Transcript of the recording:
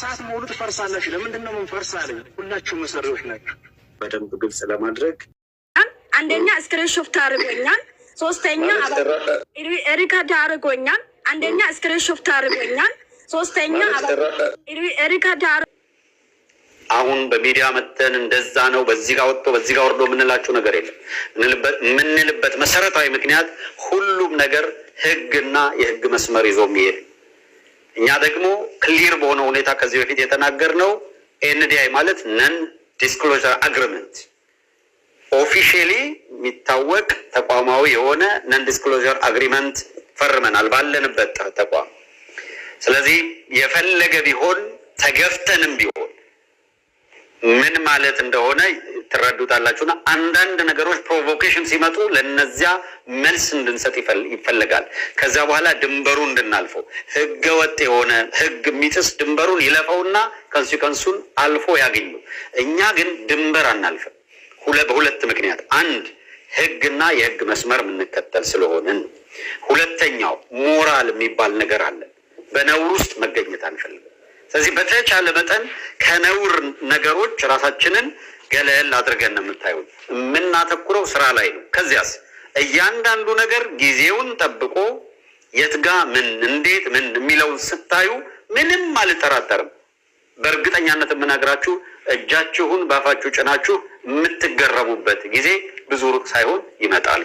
ሰዓት መሆኑ ትፈርሳለች። ለምንድን ነው ምንፈርስ አለኝ። ሁላችሁም መሰሪዎች ናቸው። በደንብ ግልጽ ለማድረግ አንደኛ ስክሪንሾት አድርጎኛል፣ ሶስተኛ ሪከርድ አድርጎኛል። አንደኛ ስክሪንሾት አድርጎኛል፣ ሶስተኛ ሪከርድ አሁን በሚዲያ መተን እንደዛ ነው በዚህ ጋር ወጥቶ በዚህ ጋር ወርዶ የምንላችሁ ነገር የለም። የምንልበት መሰረታዊ ምክንያት ሁሉም ነገር ህግና የህግ መስመር ይዞ የሚሄድ እኛ ደግሞ ክሊር በሆነ ሁኔታ ከዚህ በፊት የተናገርነው ኤንዲአይ ማለት ነን ዲስክሎዥር አግሪመንት ኦፊሽሊ የሚታወቅ ተቋማዊ የሆነ ነን ዲስክሎዥር አግሪመንት ፈርመናል ባለንበት ተቋም። ስለዚህ የፈለገ ቢሆን ተገፍተንም ቢሆን ምን ማለት እንደሆነ ትረዱታላችሁና አንዳንድ ነገሮች ፕሮቮኬሽን ሲመጡ ለነዚያ መልስ እንድንሰጥ ይፈለጋል። ከዚያ በኋላ ድንበሩ እንድናልፈው ህገ ወጥ የሆነ ህግ የሚጥስ ድንበሩን ይለፈውና ኮንሲኮንሱን አልፎ ያገኙ። እኛ ግን ድንበር አናልፍም በሁለት ምክንያት፣ አንድ ህግና የህግ መስመር የምንከተል ስለሆንን፣ ሁለተኛው ሞራል የሚባል ነገር አለን። በነውር ውስጥ መገኘት አንፈልግም። ስለዚህ በተቻለ መጠን ከነውር ነገሮች ራሳችንን ገለል አድርገን ነው የምታዩት። የምናተኩረው ስራ ላይ ነው። ከዚያስ እያንዳንዱ ነገር ጊዜውን ጠብቆ የትጋ ምን እንዴት ምን የሚለውን ስታዩ ምንም አልጠራጠርም። በእርግጠኛነት የምናገራችሁ እጃችሁን በአፋችሁ ጭናችሁ የምትገረሙበት ጊዜ ብዙ ሩቅ ሳይሆን ይመጣል።